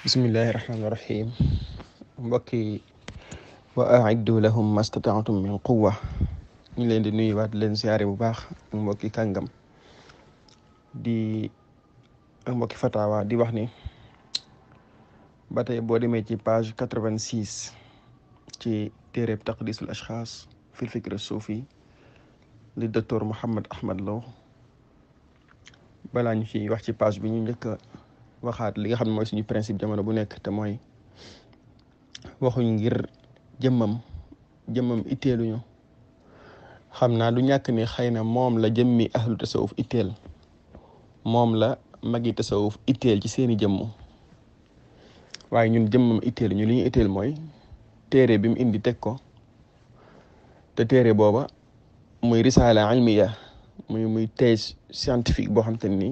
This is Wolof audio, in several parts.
بسم الله الرحمن الرحيم مبكي وأعد لهم ما استطعتم من قوة من لين دي نوي واد لين سياري مباخ مبكي كانغم دي مبكي فتاوى دي وحني باتي بودي مي تي باج 86 تي تيريب تقديس الأشخاص في الفكر الصوفي للدكتور محمد أحمد لو بلا نفسي وحتي باج بني نكا waxaat li nga xam ne mooy suñu principe jamono bu nekk te mooy waxuñ ngir jëmmam jëmmam itteeluñu xam naa du ñàkk ni xëy na moom la jëmmi ahlu tasawuf itteel moom la magi tasawuf itteel ci seeni jëmmu waaye ñun jëmmam itteeluñu li ñu itteel mooy téere bi mu indi teg ko te téere booba muy risaala ilmiya muy muy thèse scientifique boo xam te ni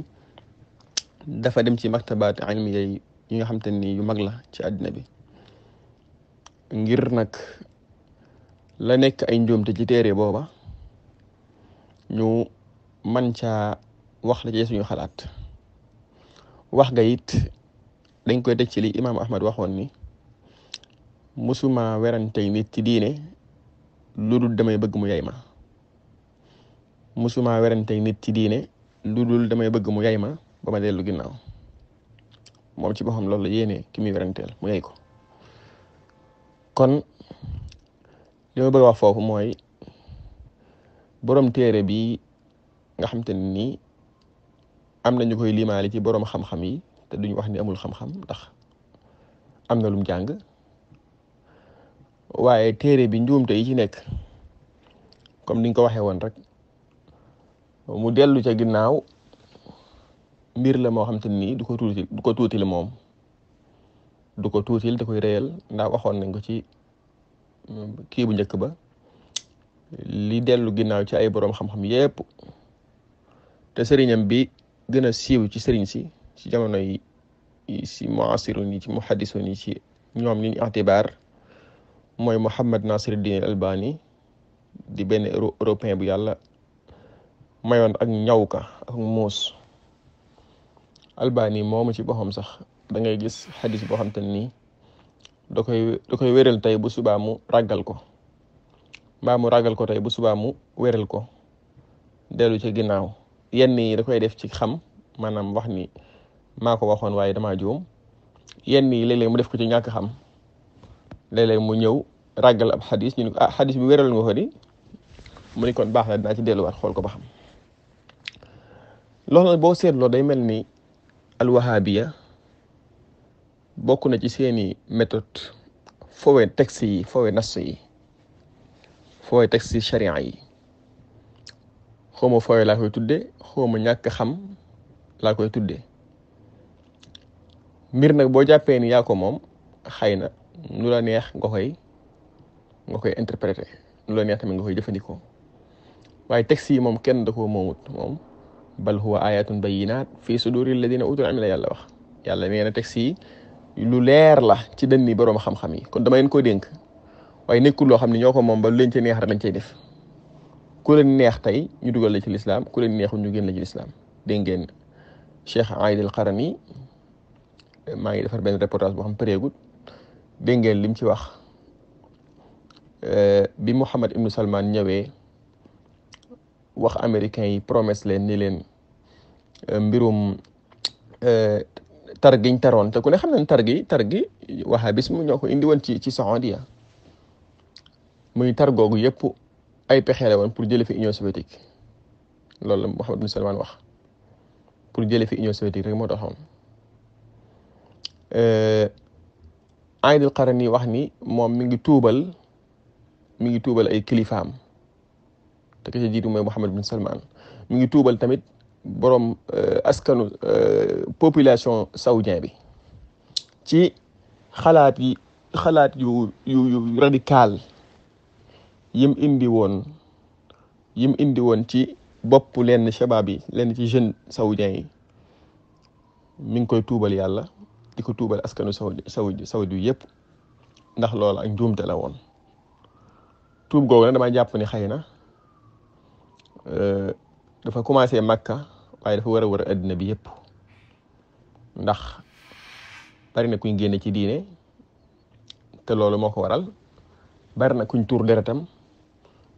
dafa dem ci maktabaat ilmiya yi nga xam te ni yu mag la ci àddina bi ngir nag la nekk ay njuumte ci téere booba ñu man caa wax la ci suñu xalaat wax ga yit dañ koy te ci li imaam Ahmad waxoon ni musuma werante nit ci diine lu dul damay bëgg mu ma musuma werante ci diine lu dul damay bëgg mu yay ma ba ma dellu ginnaaw moom ci boppam loolu la yéene ki muy weranteel mu yey ko kon li ma wax foofu mooy borom téere bi nga xam te ne nii am na ñu koy limaali ci borom xam-xam yi te duñ wax ni amul xam-xam ndax am na lum jàng waaye téere bi njuumte yi ci nekk comme niñ ko waxee woon rek mu dellu ca ginnaaw. mbir la moo xam te nii du ko tuutil du ko tuutil moom du ko tuutil da koy réyal ndax waxoon nañ ko ci mm, kii bu njëkk ba li dellu ginnaaw ci ay boroom xam-xam yépp te sëriñam bi gën a siiw ci sëriñ si ci jamono yi si muasirun yi ci muhaddisun yi ci ñoom ñu itibaar mooy Muhammad Nasiruddin Albani di benn européen bu yàlla mayoon ak ñaw ka ak muus albani moomu ci boppam sax da ngay gis xadis boo xam te nii da koy da koy wéral tey bu subaa mu ràggal ko mbaam mu ràggal ko tey bu subaa mu wéral ko dellu ci ginnaaw yenn yi da koy def ci xam maanaam wax ni maa ko waxoon waaye damaa juum yenn yi léeg-léeg mu def ko ci ñàkk xam léeg-léeg mu ñëw ràggal ab xadis ñu ne ko ah xadis bi wéral ko di mu ni kon baax na dinaa ci delluwaat xool ko ba xam loolu nag boo seetloo day mel ni alwahabiya bokk na ci seeni métode foowe texte yi foowe nas yi foowe texte yi sharia yi xawma foowe laa koy tudde xawma ñàkk xam laa koy tudde mbir nag boo jàppee ni yaa ko moom xëy na nu la neex nga koy nga koy interpréter nu la neex tamit nga koy jëfandikoo waaye texte yi moom kenn da koo moomut moom bal huwa ayatun bayinat fi suduri alladina utul ilma la yàlla wax yàlla nee na teg si lu leer la ci dënni boroom xam-xam yi kon dama leen ko dénk waaye nekkul loo xam ne ñoo ko moom ba leen ci neex rek lañ cay def ku neex tey ñu dugal la ci lislaam ku leen neexul ñu génn la ci lislaam dégg ngeen Cheikh Aïd al Qarni maa ngi defar benn reportage boo xam pareegut dégg ngeen lim ci wax euh, bi Mouhamed Ibn Salman ñëwee wax américain yi promesse leen ni leen mbirum tar giñ taroon te ku ne xam nañ tar gi tar gi wahabisme ñoo ko indi woon ci ci Saoudia muy tar googu yëpp ay pexe la woon pour jële fi Union soviétique loolu la Mohamed bin Salman wax pour jële fi Union soviétique rek moo taxoon Aïd al Qarni wax ni moom mi ngi tuubal mi ngi tuubal ay kilifaam te ka ca jiitu mooy Mohamed bin Salman mi ngi tuubal tamit borom euh, askanu euh, population saoudien bi ci xalaat yi xalaat yu yu yu radical yim indi woon yim indi woon ci bopp lenn shabab yi lenn ci jeune saoudien yi mi ngi koy tuubal yàlla di ko tuubal askanu saudi saudi saudi yëpp ndax loolu ak njuumte la woon tuub googu nag dama jàpp ni xëy na euh, dafa commencé Makka waaye dafa war a war a àddina bi yëpp ndax bari na kuñ génne ci diine te loolu moo ko waral bari na kuñ tuur deretam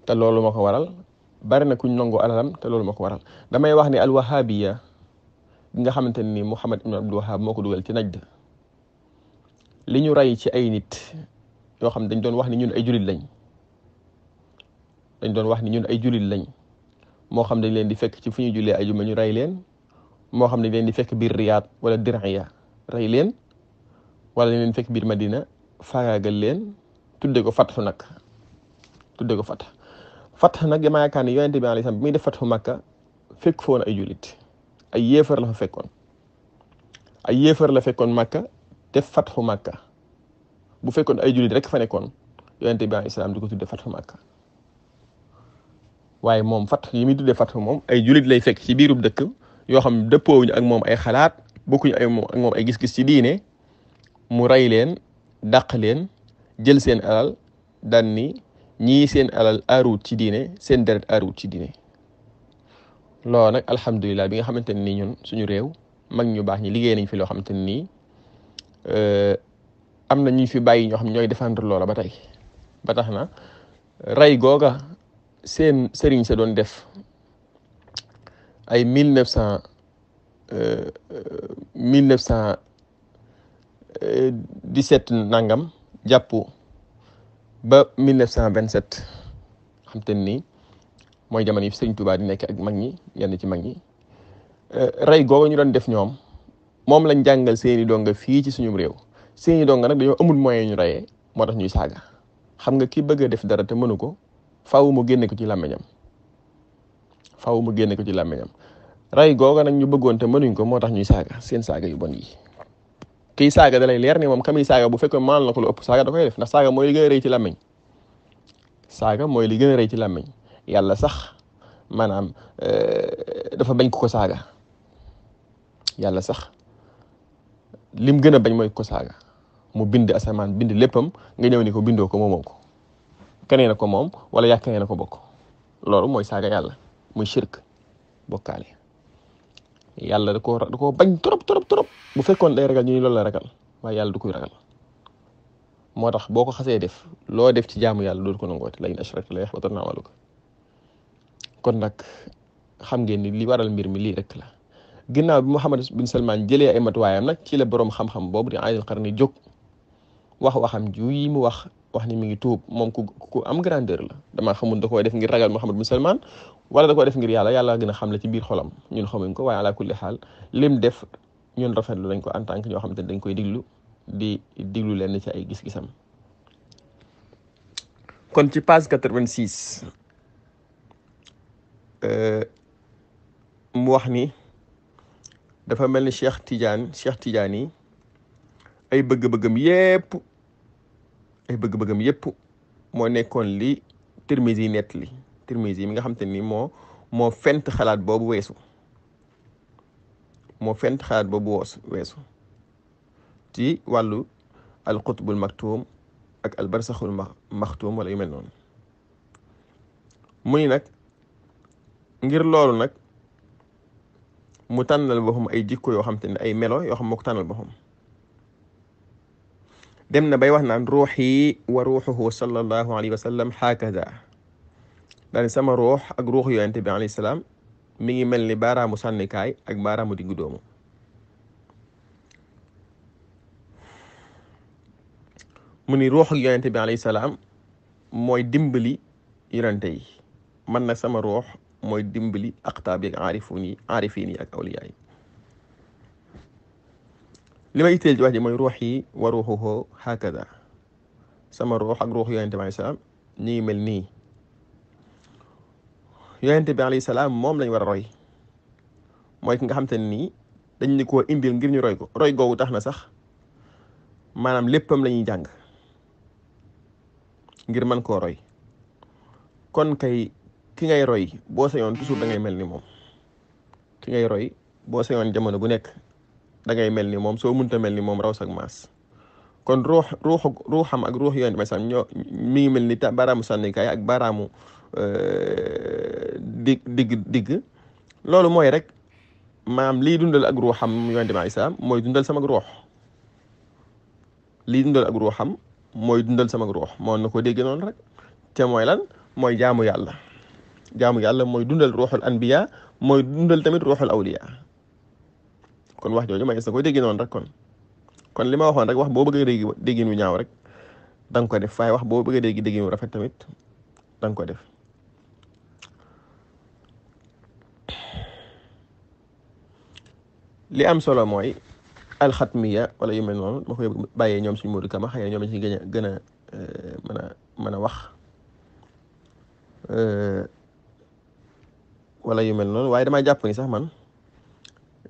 te loolu moo ko waral bari na kuñ nangu alalam te loolu moo ko waral damay wax ni alwahabiya bi nga xamante ni Muhammad ibn Abdul Wahab moo ko dugal ci Najd li ñu rey ci ay nit yoo xam dañ doon wax ni ñun ay julit lañ dañ doon wax ni ñun ay julit lañ moo xam dañ leen di fekk ci fu ñuy jullee ajuma ñu rey leen moo xam dañ leen di fekk biir Riyad wala Diraya rey leen wala fekk biir Madina faagaagal leen tudde ko fatxu nag tudde ko fatx fatx nag dama yaakaar ne bi alayhi salaam muy def fatxu Makka fekk foon ay jullit ay yéefar la fa fekkoon ay yéefar la fekkoon Makka def fatxu Makka bu fekkoon ay jullit rek fa nekkoon yonente bi alayhi salaam di ko tudde fatxu Makka waaye moom fat yi muy tuddee fat moom ay julit lay fekk ci biirub dëkk yoo xam dëppoowuñu ak moom ay xalaat bokkuñu ay moom ak moom ay gis-gis ci diine mu rey leen dàq leen jël seen alal dan ni ñii seen alal aaruwut ci diine seen deret aaruwut ci diine loolu nag alhamdulilah bi nga xamante ni ñun suñu réew mag ñu baax ñi liggéey nañ fi loo xamante ni nii am na ñu fi bàyyi ñoo xam ñooy défendre loola ba tey ba tax na rey googa seen sëriñ sa doon def ay mille neuf cent euh, euh, mille neuf cent dix set nangam jàpp ba mille neuf cent vingt-sept xam te ni mooy jamono yi sëriñ Touba di nekk ak mag ñi yenn ci mag ñi euh, rey googu ñu doon def ñoom moom lañ jàngal seeni donga fii ci suñu réew seeni donga nag dañoo amul moyen ñu reyee moo tax ñuy saaga xam nga ki bëgg def dara te mënu ko faaw mu génne ko ci làmmiñam faaw mu génne ko ci làmmiñam ray googa nag ñu bëggoon te mënuñ ko moo tax ñuy saaga seen saaga yu bon yi kii saaga da leer ni moom kamiy saaga bu fekkee maal na ko lu ëpp saaga da koy def ndax saaga mooy li gën a rëy ci làmmiñ saaga mooy li gën a rëy ci làmmiñ yàlla sax maanaam euh, dafa bañ ko ko saaga yàlla sax lim gën a bañ mooy ko saaga mu bind asamaan bind léppam nga ñëw ni ko bindoo ko moomoo ko keneen a ko moom wala yaa keneen a ko bokk loolu mooy saaga yàlla muy shirk bokkaale yàlla da koo da koo bañ trop trop trop bu fekkoon day ragal ñu ni loolu la ragal du koy ragal moo tax boo ko xasee def loo def ci jaamu yàlla dootu ko nangooti la in ashrakta la yaxbatanna amaluka kon nag xam ngeen ni li waral mbir mi lii rek la ginnaaw bi Muhammad bin Salman jëlee ay matuwaayam nag ci la boroom xam-xam boobu di Aydil Qarni jóg wax waxam ju wax wax ni mi ngi tuub moom ku am grandeur la damaa xamul da koy def ngir ragal mu bin Salman wala da koy def ngir yàlla yàlla gën a xam la ci biir xolam ñun xamuñ ko waaye ala kulli xaal lim def ñun rafetlu nañ ko en tant que ñoo ne dañ koy diglu di diglu leen ci ay gis-gisam. kon ci page quatre-vingt-six euh, mu wax ni dafa mel ni Cheikh Tidiane Cheikh Tidiane yi ay bëgg-bëggam yépp ay bëgg-bëggam yépp moo nekkoon li Tirmizi nett li Tirmizi mi nga xam te ni moo moo fent xalaat boobu weesu moo fent xalaat boobu woos weesu ci wàllu alxutbul maktuum ak albarsaxul maxtuum wala yu mel noonu mu ni nag ngir loolu nag mu tànnal boppam ay jikko yoo xam te ne ay melo yoo xam moo ko tànnal boppam dem na bay wax naan ruuxi wa ruuxuhu sallallahu alayhi wa sallam hakada daal sama ruux ak ruuxu yonente bi alayhi salaam mi ngi mel ni baaraamu sànnikaay ak baaraamu diggu doomu mu ni ruux ak yonente bi alayhi salaam mooy dimbali yonente yi man nag sama ruux mooy dimbali aqtaab yi ak aarifuun yi aarifiin ak awliyaa yi li ma itteel ci wax ji mooy ruux yi wa ruuxuhu hakada sama ruux ak ruux yonente bi alayhi salaam ñu mel nii yonente bi alayhi salaam moom lañ war a roy mooy ki nga xam te nii dañ ni ko indil ngir ñu roy ko roy googu tax na sax maanaam léppam la ñuy jàng ngir mën koo roy kon kay ki ngay roy boo sañoon toujours da ngay mel ni moom ki ngay roy boo sañoon jamono bu nekk da ngay melni mom so munta melni mom moom raw sak maas kon ruh ruh ruham ak ruh yoni bi ñoo mi ngi mel ni ta baaraamu sànnikaay ak euh dig dig dig lolu moy rek maam li dundal ak ruham yoni bi isa moy dundal sama ruh li dundal ak ruham moy dundal sama ruh mo nako deg non rek te moy lan moy jaamu yàlla jaamu yàlla moy dundal ruhul anbiya moy dundal tamit ruhul awliya kon wax jooju mages sa koy déggi noonu rek kon kon li ma waxoon rek wax boo bëgg a dégg déggin wu ñaaw rek da nga ko def waaye wax boo bëgg a dégg déggin rafet tamit danga nga ko def li am solo mooy alxatmiya wala yu mel noonu ma koy bàyyee ñoom suñu Modou Kama xëy na ñoom gën a gën a eh, mën a mën a wax eh, wala yu mel noonu waaye dama jàpp ni sax man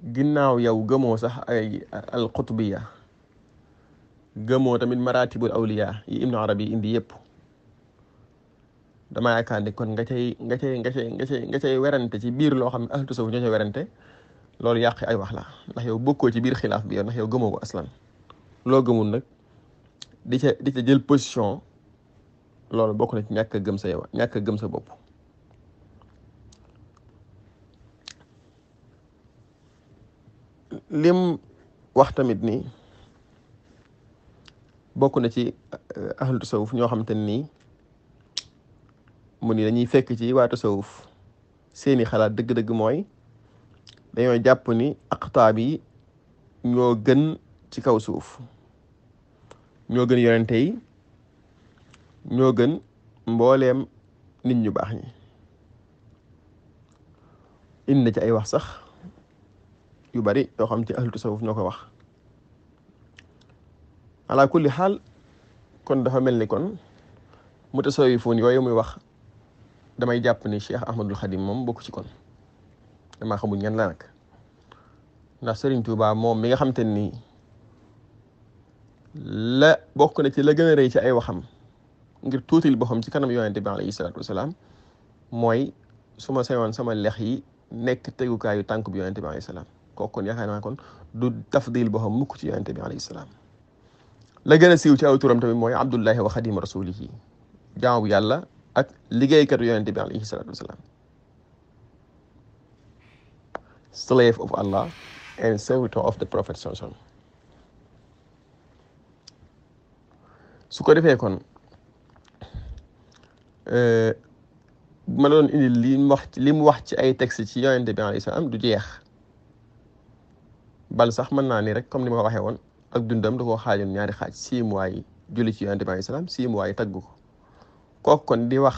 ginnaaw yow gëmoo sax ay al qutbiya gëmoo tamit maratibul awliya yi ibnu arabi indi yëpp dama yaakaar ni kon nga cay nga cay nga cay nga cay nga cay werante ci biir loo xam ne ahlu tasawuf ñoo werante loolu yàq ay wax la ndax yow bokkoo ci biir xilaaf bi yow ndax yow gëmoo ko aslan loo gëmul nag di ca di ca jël position loolu bokk na ci ñàkk a gëm sa yow ñàkk a gëm sa bopp lim wax tamit ni bokk na ci eh, ahlu tasawuf ñoo xamante nii mu ni dañuy fekk ci waa tasawuf seeni xalaat dëgg-dëgg mooy dañoo jàpp ni aqtaab yi ñoo gën ci kaw suuf ñoo gën yonente yi ñoo gën mbooleem nit ñu baax ñi indi na ci ay wax sax yu bari yoo xam ci ahlu tasawuf ñoo ko wax ala kulli xaal kon dafa mel ni kon mutasawifoon yooyu muy wax damay jàpp ni Cheikh Ahmadul Xadim moom bokk ci kon dama xamu ñan la nag ndax Serigne Touba moom mi nga xam te nii la bokk na ci la gën a rëy ci ay waxam ngir tuutil boppam ci kanam yonente bi alayhi salatu wasalaam mooy suma ma sayoon sama lex yi nekk tegukaayu tànk bi yonente bi alayhi salaam kokon kon yaakaar kon du tafdil boo xam mukk ci yonente bi alayhi salaam la gëna siiw ci aw turam tamit mooy abdullah wa khadim rasulihi jaamu yàlla ak liggéeykatu yonente bi alayhi salatu wasalaam slave of Allah and servitor of the prophet sonson su ko defee kon ma doon indi li mu wax li mu wax ci ay texte ci yonente bi alayhi salaam du jeex bal sax mën naa ni rek comme ni ma ko waxee woon ak dundam da koo xaajoon ñaari xaaj six mois yi julli ci yonent bi alayhi salaam six mois yi tagg ko kooku kon di wax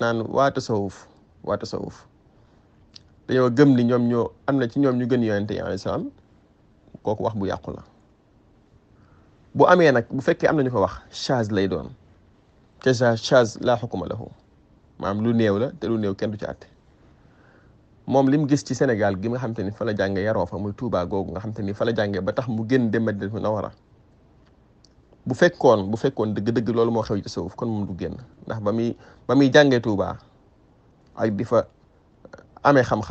naan waa tasawuf waa tasawuf dañoo gëm ni ñoom ñoo am na ci ñoom ñu gën yonent yi alayhi salaam kooku wax bu yàqu la bu amee nag bu fekkee am na ñu ko wax chaz lay doon te chaz laa xukuma lahu maanaam lu néew la te lu néew kenn du ci àtte moom li mu gis ci senegal gi nga xam te ni fa la jànge yaroo fa muy tuuba googu nga xam te ni fa la jànge ba tax mu génn dem Madina Munawara bu fekkoon bu fekkoon dëgg-dëgg loolu moo xew ci tasawuf kon moom du génn ndax ba muy ba muy jàngee Touba ak di amee xam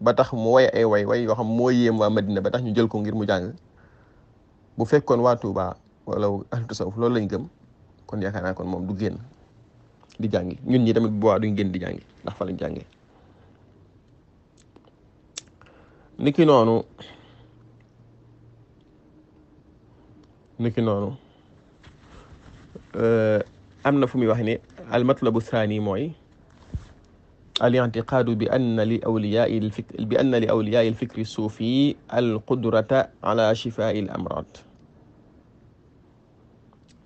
ba tax mu way ay way way yoo xam moo yéem waa Madina ba tax ñu jël ko ngir mu jàng bu fekkoon waa Touba wala loolu lañ gëm kon yaakaar naa kon moom du génn di jàngi ñun ñi tamit bu boobaa duñ génn di jàngi ndax fa lañ jàngee نيكي نونو نيكي نونو أه، أمنا فمي وحني المطلب الثاني موي الاعتقاد بأن لأولياء الفكر بأن لأولياء الفكر الصوفي القدرة على شفاء الأمراض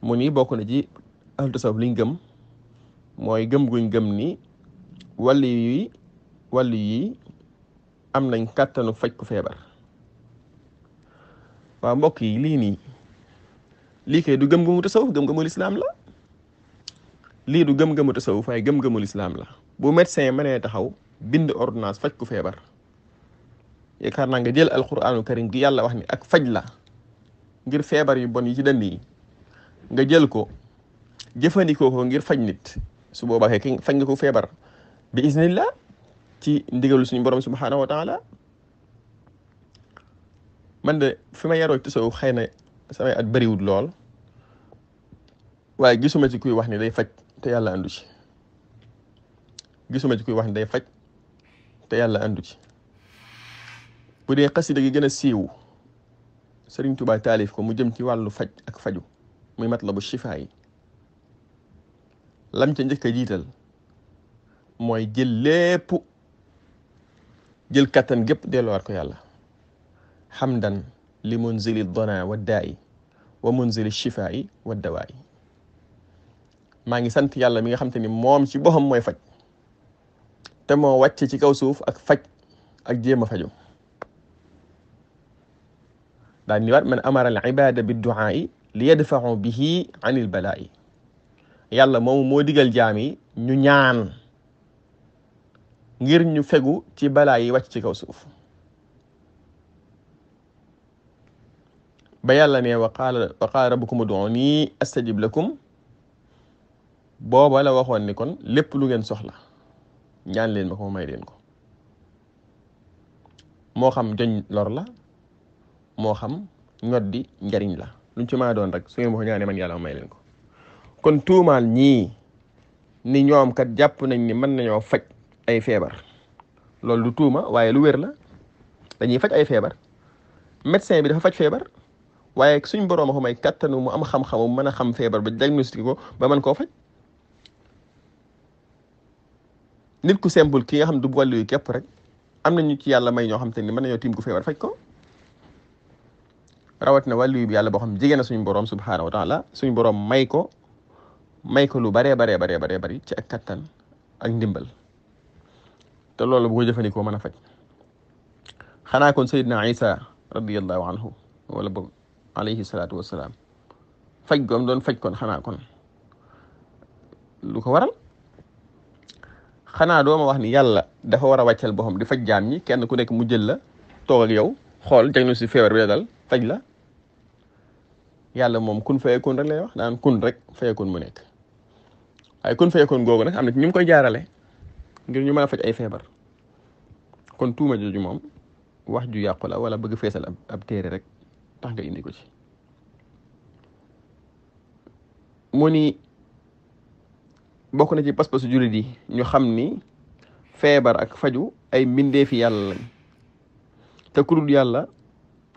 موني بوكو نجي أهل تصوف لنجم موي جم جم ني ولي ولي am nañ kàttanu faj ku feebar waaw mbokk yi lii nii lii kay du gëm-gëmu tasawuf gëm-gëmu lislaam la lii du gëm-gëmu tasawuf waaye gëm-gëmu lislaam la boo médecin mënee taxaw bind ordonnance faj ku feebar yaakaar naa nga jël alquraanu karim gi yàlla wax ni ak faj la ngir feebar yu bon yi ci dënd yi nga jël ko jëfandikoo ko ngir faj nit su boobaa kay faj nga ko feebar bi iznillah ci ndigalu suñu borom subhanahu wa taala man de fima yaro ci saw xeyna samay at bari wut lol waye gisuma ci kuy wax ni day fajj te yàlla andu ci gisuma ci kuy wax ni day fajj te yàlla andu ci bu dee xasida gi gëna siiw serigne touba talif ko mu jëm ci walu fajj ak faju muy matlabu shifaa yi lam ci njëkk jital moy jël lépp jël kattan gépp delluwaat ko yàlla xamdan li munzili dona wa daa'i wa munzili shifaa'i wa dawaa'i maa ngi sant yàlla mi nga xam te ni moom ci boppam mooy faj te moo wàcce ci kaw suuf ak faj ak jéem a faju daa ni waat man amara al ibada bi duaai li yadfaau bihi an il balaa'i yàlla moomu moo digal jaam yi ñu ñaan ngir ñu fegu ci balaa yi wàcc ci kaw suuf ba yàlla ne wa qaala wa qaala rabbukum ud'uuni astajib lakum booba la waxoon ni kon lépp lu ngeen soxla ñaan leen ma ko may leen ko moo xam joñ lor la moo xam ñoddi njariñ la luñ ci maa doon rek su ngeen ma ko man yàlla ma may leen ko kon tuumaal ñii ni ñoom kat jàpp nañ ni mën nañoo faj ay feebar loolu du tuuma waaye lu wér la dañuy faj ay feebar médecin bi dafa faj feebar waaye suñ borom a ko may kattanu mu am xam-xamu mën a xam feebar ba diagnostic ko ba mën koo faj nit ku simple ki nga xam du wàllu yu képp rek am na ñu ci yàlla may ñoo xam te ni mën nañoo tiim ku feebar faj ko rawat na wàllu bi yàlla boo xam jigéen na suñu borom subhanahu wa taala suñu borom may ko may ko lu bare bare bare bare bari ci ak kattan ak ndimbal te loolu bu ko jëfandikoo mën a faj xanaa kon sayidna isa radiallahu anhu wala boog alayhi salaatu wasalaam faj goom doon faj kon xanaa kon lu ko waral xanaa dooma wax ni yàlla dafa war a wàccal boppam di faj jaam ñi kenn ku nekk mu jël la toog ak yow xool jagnu si feebar bi dal faj la yàlla moom kun fayakun rek lay wax kun rek fayakun mu nekk waaye kun fayakun googu rek am na ci ñu koy jaarale ngir ñu mën a faj ay feebar kon tuuma jooju moom wax ju yàqu wala bëgg feesal ab ab téere rek tax nga indi ko ci mu ni bokk na ci pas-pasu jullit yi ñu xam ni feebar ak faju ay mbindeefi yàlla lañ te ku yàlla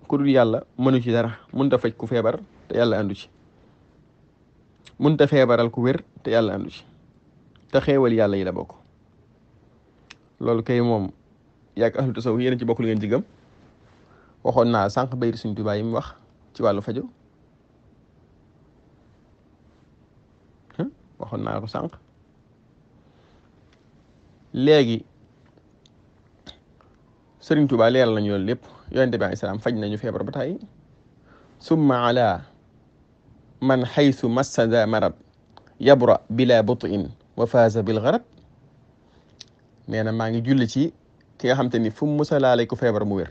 ku yàlla mënu ci dara mënut a faj ku feebar te yàlla àndu ci mënut feebaral ku wér te yàlla àndu ci te xeewal yàlla yi la bokk lolou kay mom yak ahlu tasawuf yene ci bokul ngeen jigam waxoon naa sànq bayri Sëriñ Tuubaa yi mu wax ci wàllu faju waxon na ko sank léegi Sëriñ touba leral nañu loolu lépp yonente bi alayhi salaam faj nañu feebar batay summa ala man haythu massa da marad yabra bila butin wa faaza bil garad nee na maa ngi julli ci ki nga xam te ni fu mu musa ko ku feebar mu wér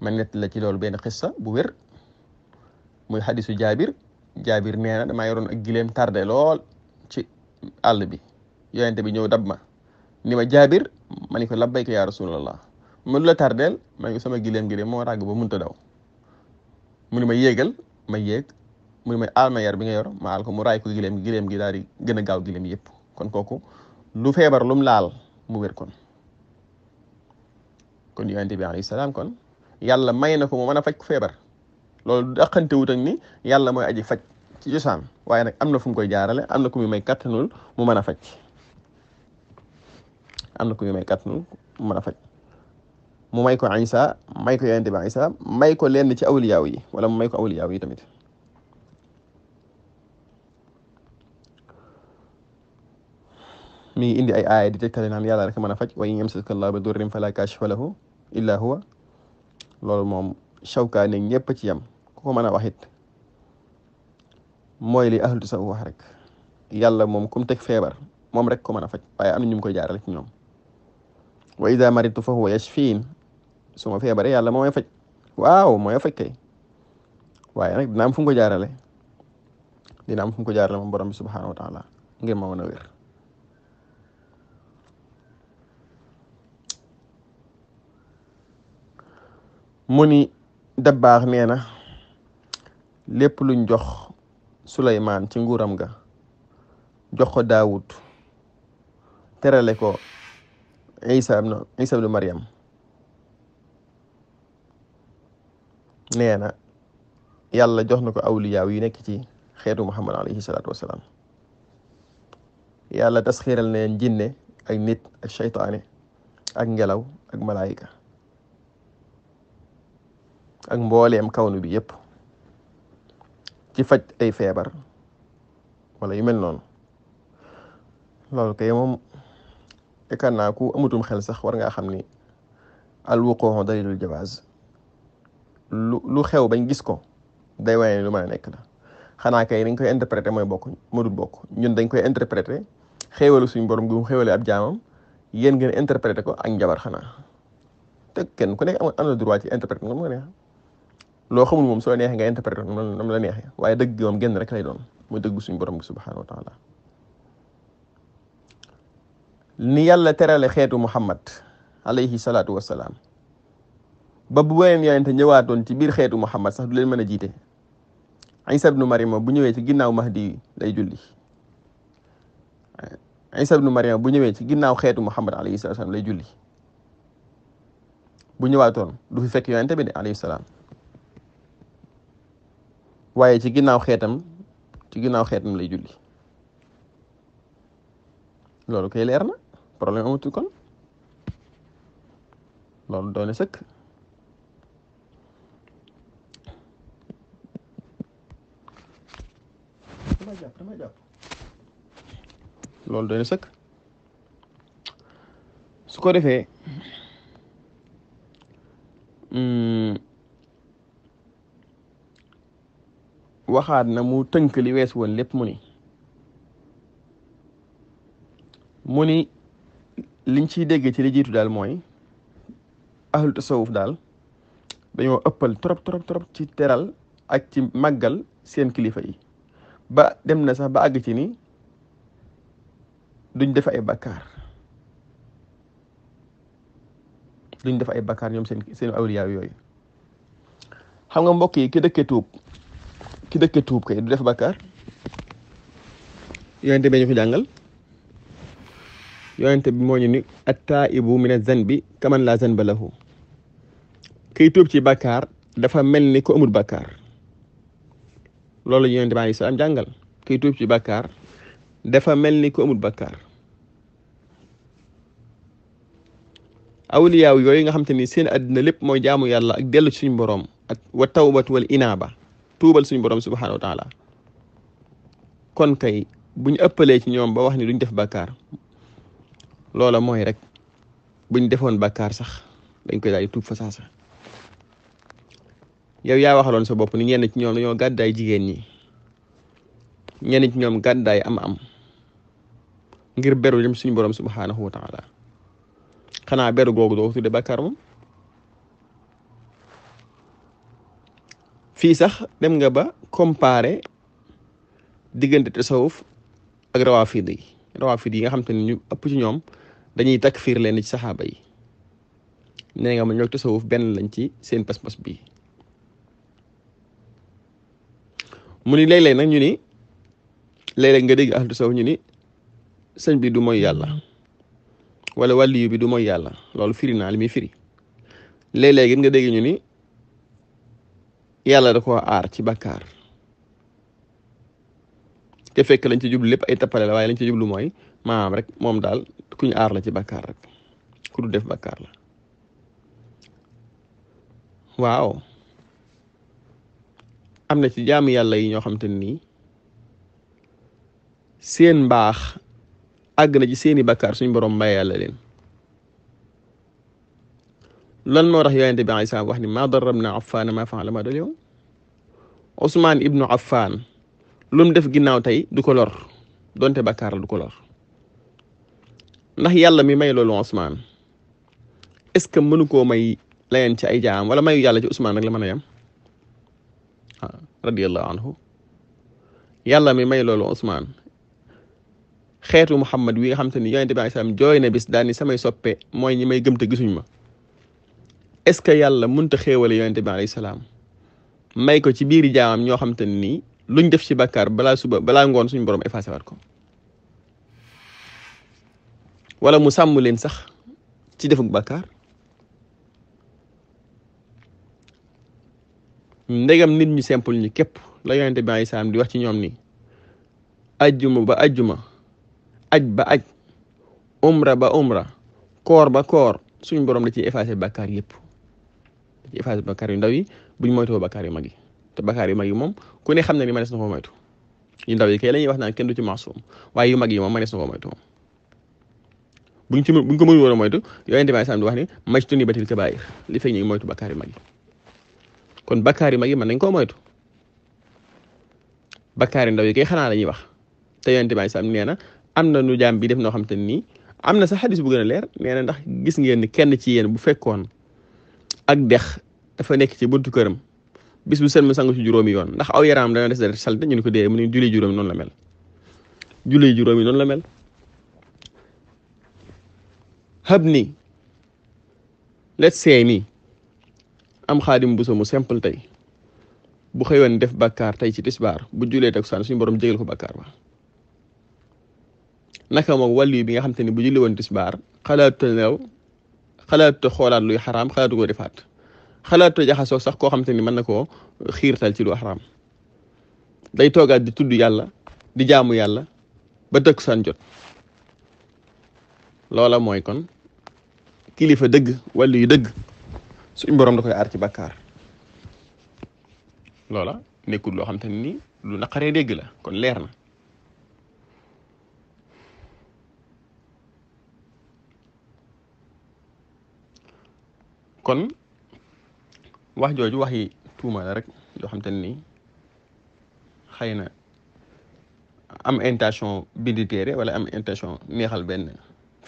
ma nett la ci lool benn xissa bu wér muy xadisu jaabir jaabir nee na damaa yoroon ak gileem tardé lool ci àll bi yonente bi ñëw dab ma ni ma jaabir ma ni ko labbayka yaa rasulallah ma lu la tardeel ma ngi ko sama gi gileem moo ràgg ba munta daw mu ma yéegal ma yéeg mu ma aal ma yar bi nga yor ma aal ko mu raay ko gileem gi daal gën a gaaw gileem yëpp kon kooku lu feebar lum laal mu wér kon kon yonent bi alayhi salaam kon yàlla may na ko mu mën a faj feebar loolu daqante wut ak ni yàlla mooy aji faj ci cosaan waaye nag am na fu mu koy jaarale am na ku muy may kattanul mu mën a faj am na ku muy may kattanul mu mën a faj mu may ko Isa may ko yonent bi Isa may ko lenn ci awliyaaw yi wala mu may ko awliyaaw yi tamit mi ngi indi ay aaya di tegtale naan yàlla rek mën a faj wa in yamsaska llaahu bi durrin loolu moom Shawkaani ñëpp ci yam ku ko mën a wax it mooy li ahlu tasawuf wax rek yàlla moom kum teg feebar moom rek ko mën a faj waaye am na ñu koy jaarale ci ñoom wa idaa maridtu yàlla moo faj waaw mooy faj kay waaye nag dina am fu mu ko jaarale dina am fu ko jaarale moom borom bi subhaanahu wa taala ngir ma mën muni ni neena lépp luñ jox sulayman ci nguram ga jox ko daoud terale ko Isa ibn Isa ibn Maryam neena yàlla jox nako awliya awliyaaw nek ci xetu Muhammad alayhi salatu wasalaam yàlla taskhiral na jinne ak nit ak shaytané ak ngelaw ak malaika ak mbooleem kawnu bi yépp ci faj ay feebar wala yu mel noonu loolu kay moom yaakaar naa ku amutum xel sax war ngaa xam ni al wuquu dalilul jawaaz lu lu xew bañ gis ko day waaye lu mën a nekk la xanaa kay dañ koy interpréter mooy bokk moo bokk ñun dañ koy interpréter xéewalu suñu borom gi mu xéewale ab jaamam yéen ngeen interpréter ko ak njabar xanaa te kenn ku nekk am na droit ci interpréter nga mu neex loo xamul moom soo neexee nga interpréter nam la neexee waaye dëgg moom genn rek lay doon muy dëgg suñu borom bi subhaanahu wa ni yàlla terale xeetu muhammad alayhi salaatu wassalaam ba bu ñëwaatoon ci biir xeetu muhammad sax du leen mën a jiite isa ibnu marima bu ñëwee ci ginnaaw mahdi lay julli isa nu marima bu ñëwee ci ginnaaw xeetu muhammad alayhi lay julli bu ñëwaatoon du fi fekk yonente bi de alayhi salaam waaye ci ginnaaw xeetam ci ginnaaw xeetam lay julli loolu koy leer na problème amatul kon loolu doone sëkk dama loolu doone sëkk su ko defee hmm, waxaat na mu tënk li wees woon lépp mu ni mu ni liñ ciy dégg ci li jiitu daal mooy ahlu tasawuf daal dañoo ëppal trop trop trop ci teral ak ci màggal seen kilifa yi ba dem na sax ba àgg ci ni duñ def ay bakkaar duñ def ay bakkaar ñoom seen seen awliya yooyu xam nga mbokk yi ki dëkkee tuub ki dëkke tuub kay du def bakkar yonente bañu fi jàngal yonente bi moo ñu ni attaibu min az-zanbi kaman la zanba lahu kiy tuub ci bakkar dafa mel ni ko amul bakkar loolu yonente bi alayhi salaam jàngal kiy tuub ci bakkar dafa mel ni ko amul bakkar awliyaaw yooyu nga xam te ni seen àddina lépp mooy jaamu yàlla ak dellu ci suñu borom ak wa tawbat wal inaaba tuubal suñu borom subhanahu wa taala kon kay buñ ëppalé ci ñoom ba wax ni duñ def bakkar loola moy rek buñ defoon bakkar sax dañ koy daal tuub fa sax yow ya waxalon sa bop ni ñen ci ñoom dañoo gàddaay jigen ñi ñen ci ñoom am-am ngir beru dem suñu borom subhanahu wa taala xana beru googu doo tudde bakkar fi sax dem nga ba comparer diggante tasawuf ak rawaafid yi rawaafid yi nga xam te ñu ëpp ci ñoom dañuy takfir leen ci sahaba yi nee nga ma tasawuf ben lañ ci seen pas-pas bi mu ni lay lay nak ñu ni lay lay nga dégg ahlu sawuf ñu ni señ bi du moy yalla wala wàlliyu bi du moy yalla lolu firi limi firi lay lay gën nga dégg ñu ni yàlla da ko aar ci bakkaar te fekk lañ ci jublu lépp ay tappale la waaye lañ ci jublu mooy maam rek moom daal ku ñu aar la ci bakkaar rek ku du def bakkaar la waaw am na ci jaamu yàlla yi ñoo xam te nii seen mbaax àgg na ci seeni bakkaar suñ borom mbay yàlla leen لن نرى هي عند بعيسى وحني ما ضربنا عفان ما فعل ما اليوم عثمان ابن عفان لم دف جناو تاي دو كولور دونت بكار دو كولور نح يالا مي ماي لولو عثمان اسك منوكو ماي لين تي اي جام ولا مايو يالا تي عثمان نك لا مانا يام رضي الله عنه يالا مي ماي لولو عثمان خيرو محمد وي خامتني يونس بن عيسى جوينا بس داني سامي سوبي موي ني ماي گمتا گيسوني est ce que yàlla mënta xéewale yonente bi alayhi salaam may ko ci biiri jaamam ñoo xam te ne luñ def ci bàkkaar balaa suba bala ngoon suñu borom effacé waat ko wala mu sàmm leen sax ci defuk bàkkaar ndegam nit ñu simple ñu la yonte bi alayhi salaam di wax ci ni ajjuma ba ajjuma aj ba aj umra ba umra kor ba kor. suñu borom da ciy effacé bàkkaar yépp ci effacer bakkaar yu ndaw yi buñ moytoo bakkaar yu mag yi te bakkaar yu mag yi moom ku ne xam na ni manees na ko moytu yu ndaw yi kay la ñuy wax naan kenn du ci maasum waaye yu mag yi moom manees na ko buñ ci buñ ko mënul woon a moytu yonente bi islam di wax ni ba batil kabair li fekk ñu moytu bakkaar yu mag yi kon bakkaar yu ma yi mën nañ koo moytu bakkaar yu ndaw yi kay xanaa la ñuy wax te yonente bi islam nee na am na nu jaam bi def noo xam te nii am na sax xadis bu gën a leer nee na ndax gis ngeen ni kenn ci yéen bu fekkoon ak dex dafa nekk ci buntu këram bis bu seen mu sangu ci juróomi yoon ndax aw yaram dana des dara salte ñu ne ko dee mu ne julli juróomi noonu la mel julli juróomi noonu la mel ni let see mi am xaadim bu mu simple tey bu xëyoon def bàkkaar tey ci tisbaar bu julee takkusaan suñu borom jégal ko bàkkaar ba naka moom wàllu bi nga xam te ne bu julli woon tisbaar xalaatu nelaw xalaatu xoolaat luy xaraam xalaatu ko defaat jaxasoo sax koo xam te ni mën na koo xiirtal ci lu xaraam day toogaat di tudd yàlla di jaamu yàlla ba dëkk san jot loola mooy kon kilifa dëgg wàllu yu dëgg suñ borom da koy aar ci bàkkaar loola nekkul loo xam te ni lu naqaree dégg la kon leer na kon wax jooju wax yi tuuma la rek yoo xam te xëy na am intention bindi téere wala am intention neexal benn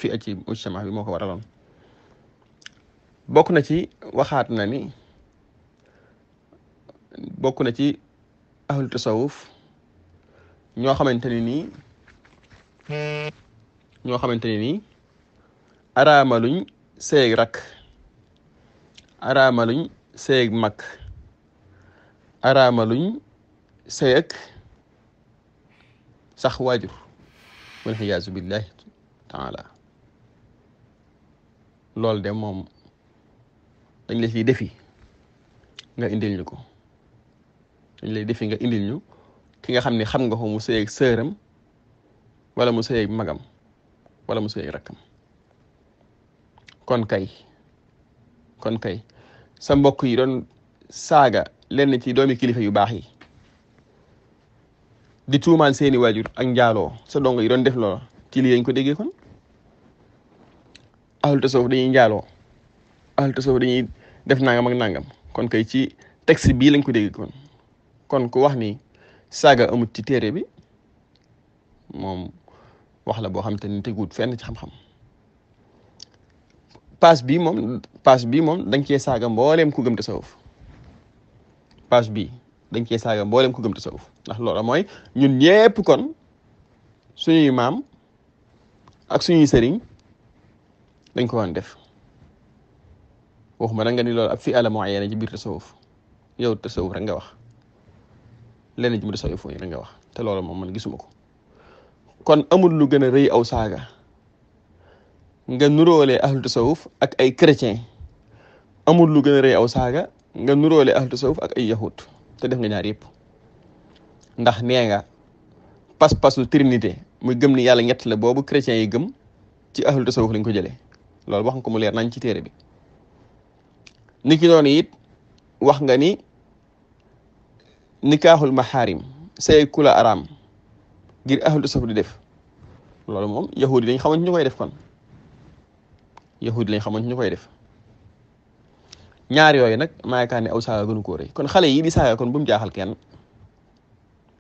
fi ci mujtama bi moo ko waraloon bokk na ci waxaat na ni bokk na ci ahlu tasawuf ñoo xamanteni ni nii ñoo xamante ne nii araamaluñ seeg rak araamaluñ sëyeg mag araamaluñ sëyeg sax waajur wal xiyaasu billahi taala loolu de moom dañ la ciy defi nga indil ñu ko dañ lay defi nga indil ñu ki nga xam ne xam nga ko mu sëyeeg sëram wala mu sëyeeg magam wala mu sëyeeg rakkam kon kay kon kay sa mbokk yi doon saaga lenn ci doomi kilifa yu baax yi di tuumaal seeni waajur ak njaaloo sa dongo yi doon def loola ci lii lañ ko déggee kon ahlu tasawuf dañuy njaaloo ahlu tasawuf dañuy def nangam ak nangam kon kay ci texte bii lañ ko déggee kon kon ku wax ni saaga amut ci téere bi moom wax la boo xam te ni teguut fenn ci xam-xam page bi moom page bi moom dañ cee saaga mbooleem ku gëm tasawuf page bi dañ cee saaga mbooleem ku gëm tasawuf ndax loola mooy ñun ñëpp kon suñuy maam ak suñuy sëriñ dañ ko woon def waxuma da nga ni loolu ab fi àla moyena ci biir tasawuf yow tasawuf rek nga wax lenn ji mu tasawuf rek nga wax te loolu moom man gisuma ko kon amul lu gën a rëy aw saaga nga nuróole ahlu tasawuf ak ay chrétien amul lu gën a rëy aw saaga nga nuróole ahlu tasawuf ak ay yahud te def nga ñaar yëpp ndax nee nga pas-pasu trinité muy gëm ni yàlla ñett la boobu chrétien yi gëm ci ahlu tasawuf lañ ko jëlee loolu wax nga ko leer nañ ci téere bi ni ki noonu it wax nga ni nikaaxul maxaarim say kula aram ngir ahlu tasawuf di def loolu moom yahud yi dañ a ñu koy def kon yahud lañ xamoon ñu koy def ñaar yooyu nag maa yaakaar ne aw saaga gënu koo rëy kon xale yi di saaga kon bu mu jaaxal kenn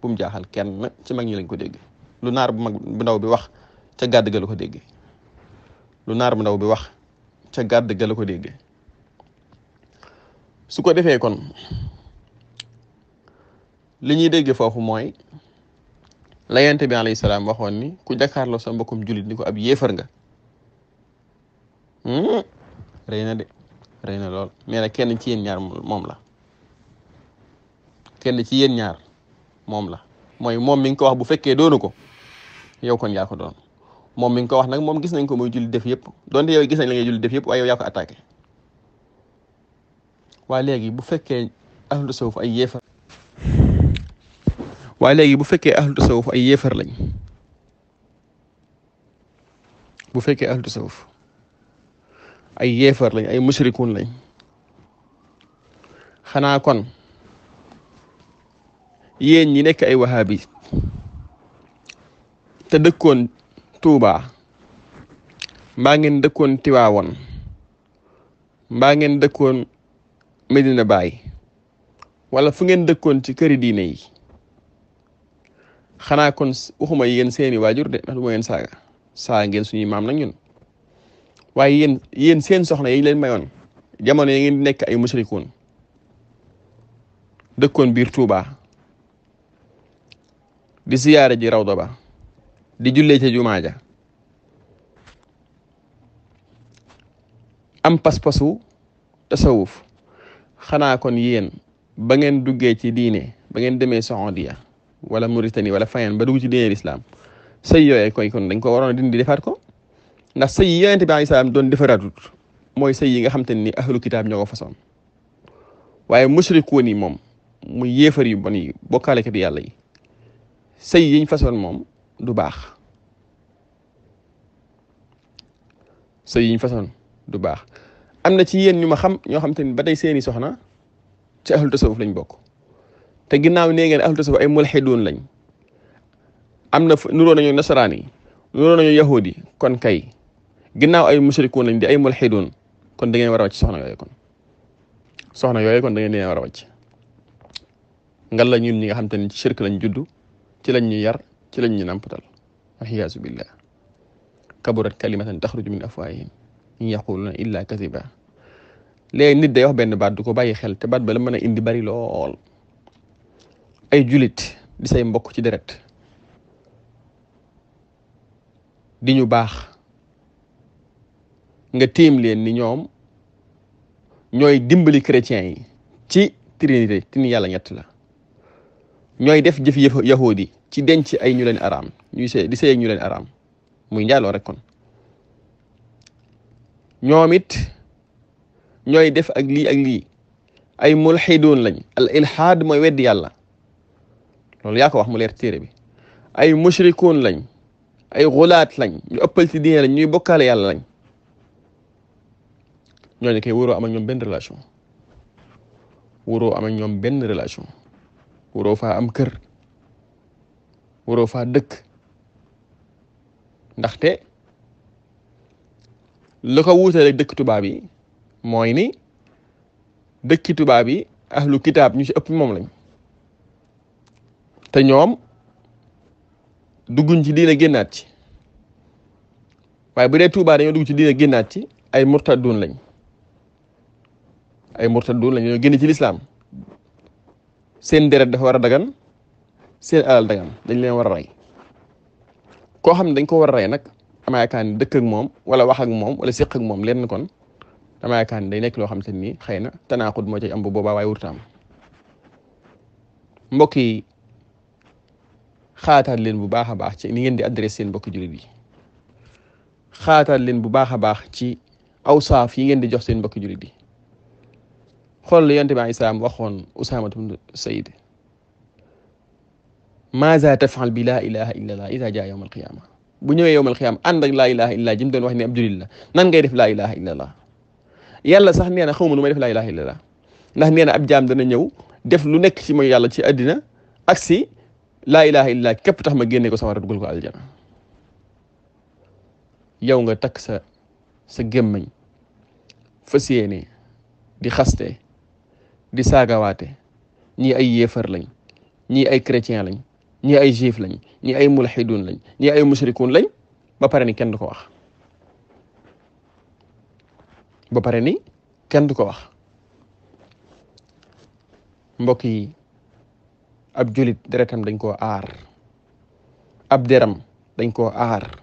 bu mu jaaxal kenn ci mag ñi lañ ko dégg lu naar bu mag bu ndaw bi wax ca gàdd ga ko dégg lu naar bu ndaw bi wax ca gàdd ga la ko dégg su ko defee kon li ñuy dégg foofu mooy layente bi alayhi salaam waxoon ni ku jàkkaarloo sa mbokkum jullit ni ko ab yéefar nga Hmm. rëy na de rëy na lool nee na kenn ci yéen ñaar moom la kenn ci yéen ñaar moom la mooy moom mi nga ko wax bu fekkee doonu ko yow kon yaa doon moom mi nga ko wax nag moom gis nañ ko muy julli def yëpp donte yow gis nañ la ngay julli def yëpp waaye yow yaa ko attaqué waaye léegi bu fekkee ahlu tasawuf ay yéefar waaye léegi bu fekkee ahlu tasawuf ay yéefar lañ bu fekkee ahlu tasawuf ay yéefar lañ ay musrikuun lañ xanaa kon yéen ñi nekk ay wahabi te dëkkoon Tuuba mbaa ngeen dëkkoon Tiwaawoon mbaa ngeen dëkkoon Medina Baay wala fu ngeen dëkkoon ci këri diine yi xanaa kon waxuma yéen seeni waajur de ndax du ma saaga saa ngeen suñuy maam nag ñun waaye yéen yéen seen soxna yi leen mayoon jamono yi ngeen nekk ay musrikoon dëkkoon biir Touba di siyaare ji rawda ba di jullee ca jumaa ja am pas-pasu tasawuf xanaa kon yéen ba ngeen duggee ci diine ba ngeen demee Saoudia wala Mauritanie wala Fayeen ba dugg ci diine l'islam say yooyee koy kon dañ ko waroon a dindi defaat ko ndax sëy yi yonent bi doon defaraatut mooy sëy yi nga xam te ni ahlu kitaab ñoo ko façon waaye mushrikuun yi moom mu yéefar yu bon yi bokkaalekat yàlla yi sëy yiñ façon moom du baax sëy yiñ façon du baax am na ci yéen ñu ma xam ñoo xam te ni ba tey seeni soxna ci ahlu tasawuf lañ bokk te ginnaaw nee ngeen ahlu tasawuf ay doon lañ am na nuróo nañu nasaraan yi nuróo nañu yahudi kon kay ginnaaw ay mushrikuun lañ di ay mulxiduun kon da ngeen war a wàcc soxna yooyu kon soxna yooyu kon da ngeen war a wàcc ngal la ñun ñi nga xam te ne ci shirk lañ judd ci lañ ñu yar ci lañ ñu nàmpatal billah kaburat kalimatan taxruju min afwaahihim in yaquluna illa kadiba léegi nit day wax benn baat du ko bàyyi xel te baat ba la mën indi bari lool ay julit di say mbokk ci deret di ñu baax nga tiim leen ni ñoom ñooy dimbali chrétiens yi ci trinité tin yàlla ñett la ñooy def jëf yahudi yi ci denc ay ñu leen araam ñuy di sey ñu leen muy njaaloo rek kon ñoom it ñooy def ak lii ak lii ay mulxidoon lañ al ilhaad mooy weddi yàlla loolu yaa ko wax mu leer téere bi ay mushrikoon lañ ay xulaat lañ ñu ëppal ci ñuy bokkaale yàlla lañ ñooñu kay waroo am ñoom benn relation waroo am ak relation waroo faa am kër waroo faa dëkk ndaxte la ko dëkk tubaab yi mooy ni dëkk tubaab yi ahlu kitaab ñu ci ëpp moom lañ te ñoom dugguñ ci diina génnaat ci waaye bu dee Tuubaa dañoo dugg ci diina génnaat ci ay murtaduun lañ ay murtadun lañ ñoo génn ci lislaam seen deret dafa war a dagan seen alal dagan dañ leen war a rey koo xam ne dañ ko war a rey nag dama yaakaar moom wala wax ak moom wala séq ak moom lenn kon dama yaakaar ni day nekk loo xam te ni xëy na tanaaxut moo cay am bu boobaa waaye wurtaam mbokk yi xaataat leen bu baax a baax ci ni ngeen di adressé seen mbokki jullit yi xaataat leen bu baax a baax ci awsaaf yi ngeen di jox seen mbokki jullit خل ينتبع إسلام وخون أسامة بن سيد ماذا تفعل بلا إله إلا الله إذا جاء يوم القيامة بنيو يوم القيامة عندك لا إله إلا جمد وحني عبد الله نان نعم غير لا إله إلا الله يلا صحني أنا خوم نمير لا إله إلا الله نحن أنا أبجام دنا نيو def lu nek ci moy yalla ci adina ak si la ilaha illa kep tax ma genné ko sama rat ko aljana yow nga tak sa sa gemmañ fassiyene di xaste di saagawaate ñii ay yéefar lañ ñii ay chrétien lañ ñii ay juif lañ ñii ay mulxidun lañ ñii ay mushrikuun lañ ba pare ni kenn du ko wax ba pare ni kenn du ko wax mbokk yi ab julit deretam dañ koo aar ab deram dañ koo aar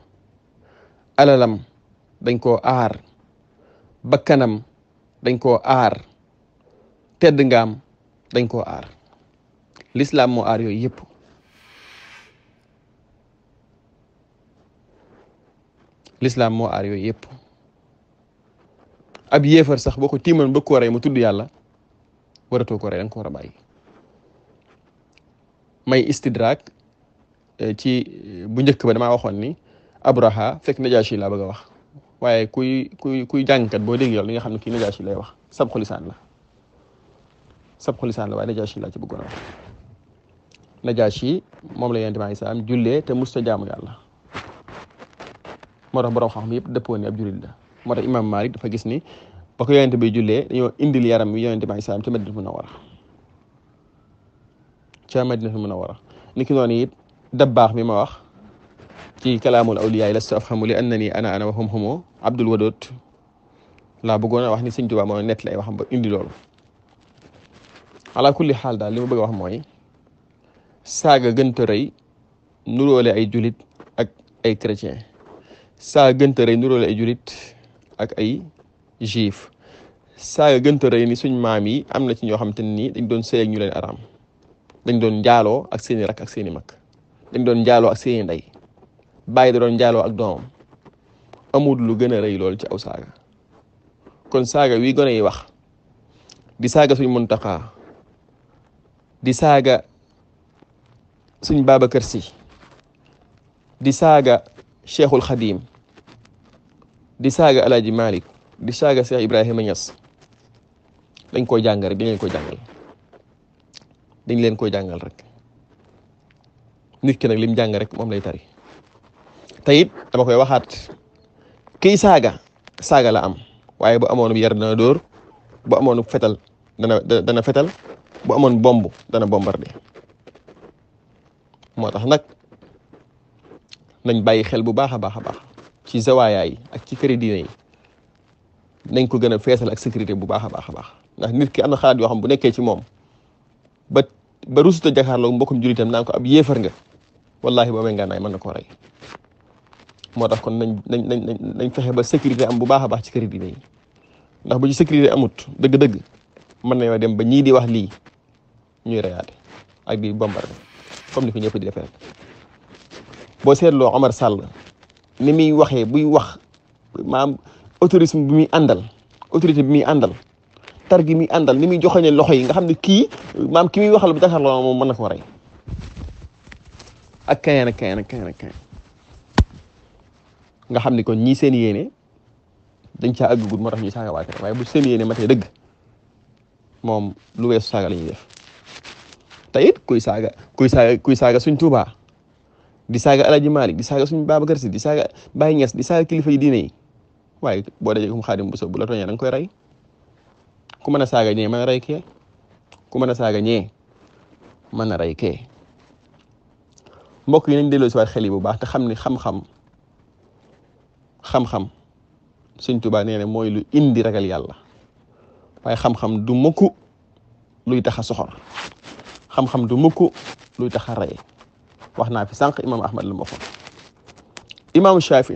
alalam dañ koo aar bakkanam dañ koo aar tedd ngaam dañ koo aar lislaam moo aar yooyu yëpp l'islam moo aar yëpp ab yéefar sax boo ko tiimal ba ko rey mu tudd yàlla waratoo ko rey da nga ko war a bàyyi may istidraak eh, ci eh, bu njëkk ba damaa waxoon ni abraha fekk najaashi laa bëgg a wax waaye kuy kuy kuy jàngkat boo dégg yow li nga xam ne kii najaashi lay wax sab xulisaan la sabxuli saan la waaye Najaashi laa ci bëggoon a wax Najaashi moom la yonent bi alayhi salaam jullee te musta jaamu yàlla moo tax borom xam-xam yëpp dëppoo ni ab jullit la moo tax imaam Malik dafa gis ni ba ko yonent bi jullee dañoo indil yaram wi yonent bi alayhi salaam ca Madinatul Munawwara ca Madinatul Munawwara ni ki noonu it dabbaax mi ma wax ci kalaamul awliyaa yi lastu afhamu li annani ana ana wa hum humo Abdul Wadud laa bëggoon a wax ni Sëñ Tuubaa moo nett lay waxam ba indi loolu ala kulli xaal daal li ma bëgg a wax mooy saaga gënta rëy nuróole ay julit ak ay chrétien saaga gënta rëy nuróole ay julit ak ay juif saaga gënta rëy ni suñ maam yi am na ci ñoo xamante ni dañ doon sëy ak ñu leen araam dañ doon njaaloo ak seeni rak ak seeni mag dañ doon njaaloo ak seeni ndey bàyyi da doon njaaloo ak doomam amul lu gën a rëy loolu ci aw saaga kon saaga wi gone yi wax di saaga suñ muntaxaa di saga suñ baba Sy di saga Cheikhul Khadim di saga Alaaji Malik di saga Cheikh ibrahim Niass dañ ko jàngal rek dañ leen ko jàngal dañ leen ko jàngal rek nit ki nag lim jàng rek moom lay tari te it dama koy waxaat kiy saaga saaga la am waaye bu amoon yar dana bu amoon fetal dana dana fetal boo amoon bomb dana bombardé moo tax nag nañ bàyyi xel bu baax a baax baax ci zawaaya yi ak ci këri diine yi nañ ko gën a feesal ak sécurité bu baax a baax a baax ndax nit ki am na xalaat yoo xam bu nekkee ci moom ba ba rusuta jakaarloo mbokkum julitam naa ko ab yéefar nga wallahi boobee nga naay mën na koo rey moo tax kon nañ nañ nañ nañ fexe ba sécurité am bu baax a baax ci këri diine yi ndax bu ci sécurité amut dëgg-dëgg man nañoo dem ba ñii di wax lii ñuy reyaate ak di bombardé comme ni ko ñëpp di defee rek boo seetloo Omar Sall ni muy waxee buy wax maam autorisme bi muy àndal autorité bi muy àndal tar gi muy àndal ni muy joxoñe loxo yi nga xam ne kii maam ki muy waxal bu jàkkaarloo moom mën na ko rey ak kayen ak kayen ak kayen ak nga xam ni kon ñii seen yéene dañ caa àggagul moo tax ñu saaga waate waaye bu seen yéene matee dëgg moom lu weesu saaga la ñuy def te it kuy saaga kuy saaga kuy saaga suñ Tuubaa di saaga Alaaji Maalik di saaga suñ Babacar Si di saaga Baye Ñas di saaga kilifa yi diine yi waaye boo dajee kum Xaadim Buso bu la tooñee da koy rey ku mën a saaga ñee mën a rey kee ku mën a saaga ñee mën a rey kee mbokk yi nañ delloo si waat xel yi bu baax te xam ne xam-xam xam-xam suñ Tuubaa nee na mooy lu indi ragal yàlla waaye xam-xam du mukk luy tax a soxor xam-xam du mukk luy tax a rey wax naa fi sànq imaam Ahmad la ma waxoon imaam Shafii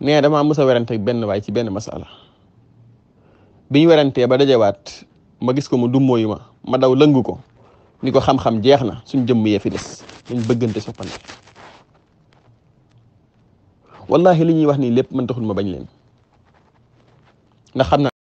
nee damaa mës werante benn waay ci benn masala bi ñu werantee ba dajawaat ma gis ko mu dummóoyu ma daw lëngu ko ni ko xam-xam jeex na suñ jëmm yee fi des dañ bëggante soppante wallahi li ñuy wax nii lépp man taxul ma bañ leen nga xam na